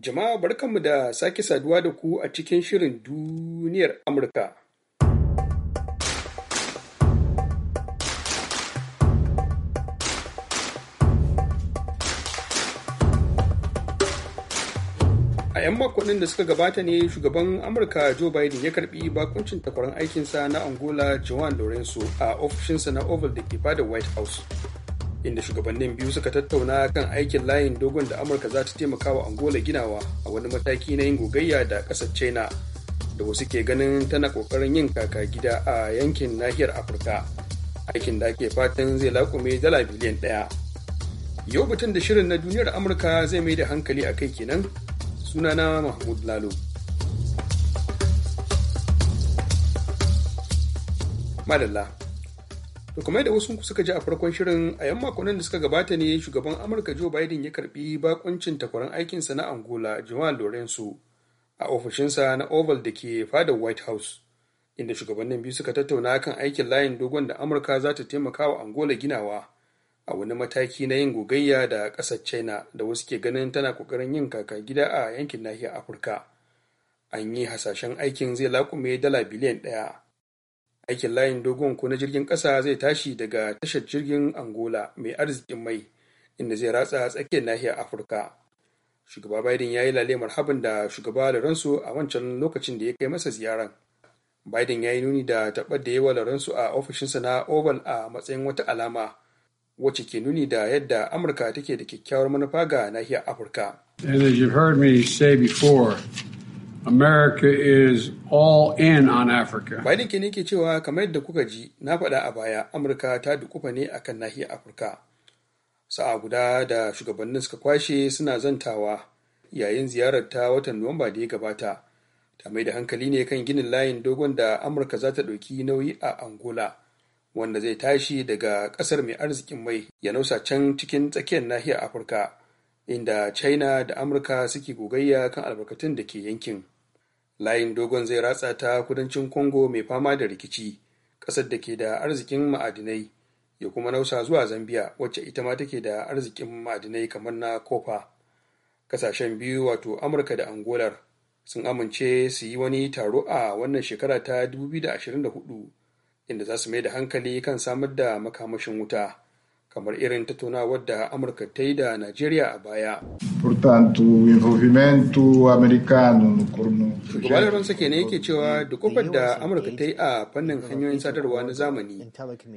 Jama'a barkanmu da sake saduwa da ku a cikin shirin duniyar Amurka. A 'yan makonnin da suka gabata ne shugaban Amurka Joe Biden ya karbi bakuncin takwaran aikinsa na Angola Juan Lorenzo a ofishinsa na Oval da ke bada White House. inda shugabannin biyu suka tattauna kan aikin layin dogon da amurka za ta taimaka wa angola ginawa a wani mataki na yin gogayya da ƙasar china da wasu ke ganin tana ƙoƙarin yin kaka gida a yankin nahiyar afirka aikin da ake fatan zai laƙume dala biliyan ɗaya yau batun da shirin na duniyar amurka zai mai da hankali a kai kenan sunana mahmud lalo madalla To kuma da wasu suka ji a farkon shirin a yan makonnin da suka gabata ne shugaban Amurka Joe Biden ya karbi bakuncin takwaran aikinsa na Angola Joao Lorenzo a ofishinsa na Oval da ke fadar White House inda shugabannin biyu suka tattauna kan aikin layin dogon da Amurka za ta taimaka wa Angola ginawa a wani mataki na yin gogayya da ƙasar China da wasu ke ganin tana kokarin yin kaka gida a yankin nahiyar Afirka. An yi hasashen aikin zai lakume dala biliyan ɗaya. Aikin layin dogon ko na jirgin ƙasa zai tashi daga tashar jirgin Angola mai arzikin mai inda zai ratsa tsakiyar nahiyar Afirka. Shugaba Biden ya yi lalemar habin da shugaba Laransu a wancan lokacin da ya kai masa ziyaran. Biden ya yi nuni da taɓar da yawa Laransu a ofishinsa na Oval a matsayin wata alama wacce ke nuni da yadda Amurka take da kyakkyawar manufa ga nahiyar Afirka. As you've heard me say before, America is all in on Africa. Biden ke ne ke cewa kamar yadda kuka ji na faɗa a baya Amurka ta dukufa ne akan nahiyar Afirka. Sa'a guda da shugabannin suka kwashe suna zantawa yayin ziyarar ta watan Nuwamba da ya gabata. Ta mai da hankali ne kan ginin layin dogon da Amurka za ta ɗauki nauyi a Angola, wanda zai tashi daga ƙasar mai arzikin mai ya nausa can cikin tsakiyar nahiyar Afirka, inda China da Amurka suke gogayya kan albarkatun da ke yankin. layin dogon zai ratsa ta kudancin Kongo mai fama da rikici ƙasar da ke da arzikin ma'adinai ya kuma nausa zuwa zambia wacce ita ma take da arzikin ma'adinai kamar na kofa ƙasashen biyu wato amurka da angolar sun amince su yi wani taro a wannan shekara ta 2024 inda za su mai da hankali kan samar da makamashin wuta kamar irin tattaunawar wadda Amurka ta yi da Najeriya a baya. Portanto, envolvimento americano no corno. Shugaban ne yake cewa dukkan da Amurka ta yi a fannin hanyoyin sadarwa na zamani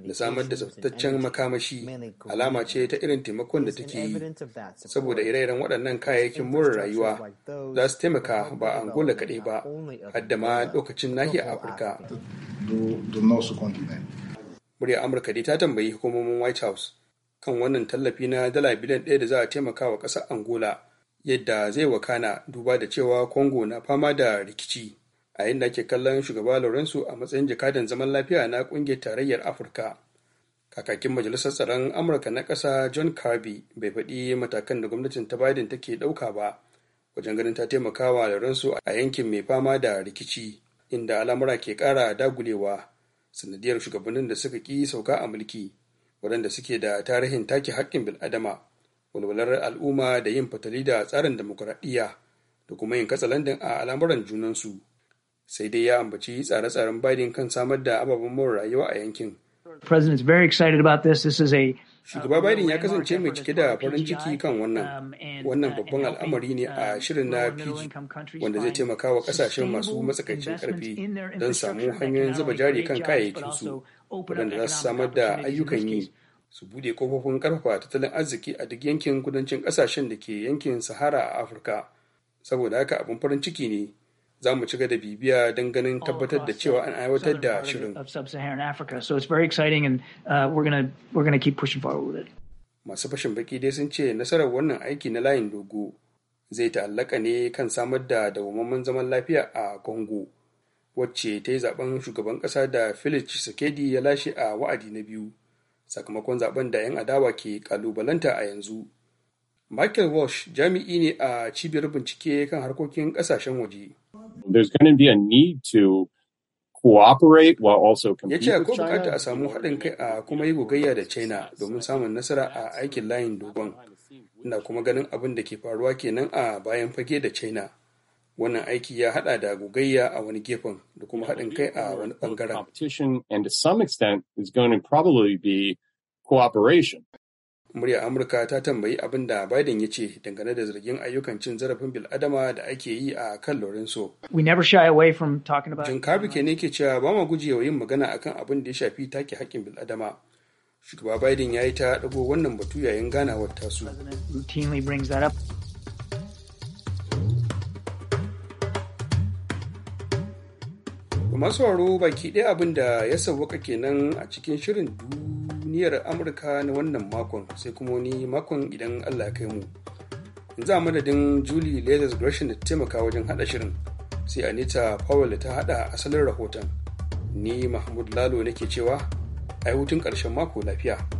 da samar da tsaftataccen makamashi alama ce ta irin taimakon da take yi. Saboda ire-iren waɗannan kayayyakin more rayuwa za su taimaka ba a Angola kaɗai ba, hadda ma lokacin a Afirka. Muryar Amurka dai ta tambayi hukumomin White House kan wannan tallafi na dala biliyan ɗaya da za a taimaka wa ƙasar angola yadda zai wakana duba da cewa congo na fama da rikici a yadda ake kallon shugaba lorenzo a matsayin jakadan zaman lafiya na ƙungiyar tarayyar afirka kakakin majalisar tsaron amurka na ƙasa john kirby bai faɗi matakan da gwamnatin ta biden take ɗauka ba wajen ganin ta taimakawa lorenzo a yankin mai fama da rikici inda al'amura ke ƙara dagulewa sanadiyar shugabannin da suka ƙi sauka a mulki waɗanda suke da tarihin take haƙƙin bil'adama walwalar al'umma da yin fatali da tsarin demokuraɗiyya da kuma yin katsalandan a al'amuran junansu sai dai ya ambaci tsare-tsaren Biden kan samar da ababen more rayuwa a yankin. Shugaba uh, Biden ya kasance mai cike da farin ciki kan wannan. Um, uh, wannan babban al'amari ne a um, shirin na PG wanda zai taimaka wa kasashen masu matsakaicin karfi don samu hanyoyin zuba jari kan kayayyakinsu waɗanda za su samar da ayyukan yi su bude kofofin karfa tattalin arziki a duk yankin kudancin kasashen da ke yankin sahara a afirka saboda haka abin farin ciki ne za mu ci da bibiya don ganin tabbatar da cewa an aiwatar da shirin. Uh, Masu fashin baki dai sun ce nasarar wannan aiki na layin dogo zai ta'allaka ne kan samar da dawwammamen zaman lafiya a Congo wacce ta yi zaben shugaban kasa da Felix Tshisekedi ya lashe a wa'adi na biyu sakamakon zaben da 'yan adawa ke kalubalanta a yanzu. Michael Walsh jami'i ne a cibiyar bincike kan harkokin kasashen waje. Ya ce akwai bukata a samu haɗin kai a kuma yi gogayya da China domin samun nasara a aikin layin dogon. Ina kuma ganin abin da ke faruwa kenan a bayan fage da China. Wannan aiki ya haɗa da gogayya a wani gefen da kuma haɗin kai a wani Competition and to some extent is going to probably be cooperation. Murya Amurka ta tambayi abin da Biden ya ce dangane da zargin ayyukan cin zarafin bil'adama da ake yi a kan Lorenzo. We never shy away from talking about Jin Kabi ne ke cewa ba yin magana akan abin da ya shafi take haƙƙin bil'adama. Shugaba Biden ya yi ta ɗago wannan batu yayin ganawar tasu. masu sauraro baki ɗaya abin da ya sauwaka kenan a cikin shirin duniyar amurka na wannan makon sai kuma wani makon idan allah ya kai mu za mu madadin julie leathers gresham da taimaka wajen hada shirin sai anita powell ta hada asalin rahoton ni mahmud lalo nake cewa a hutun ƙarshen mako lafiya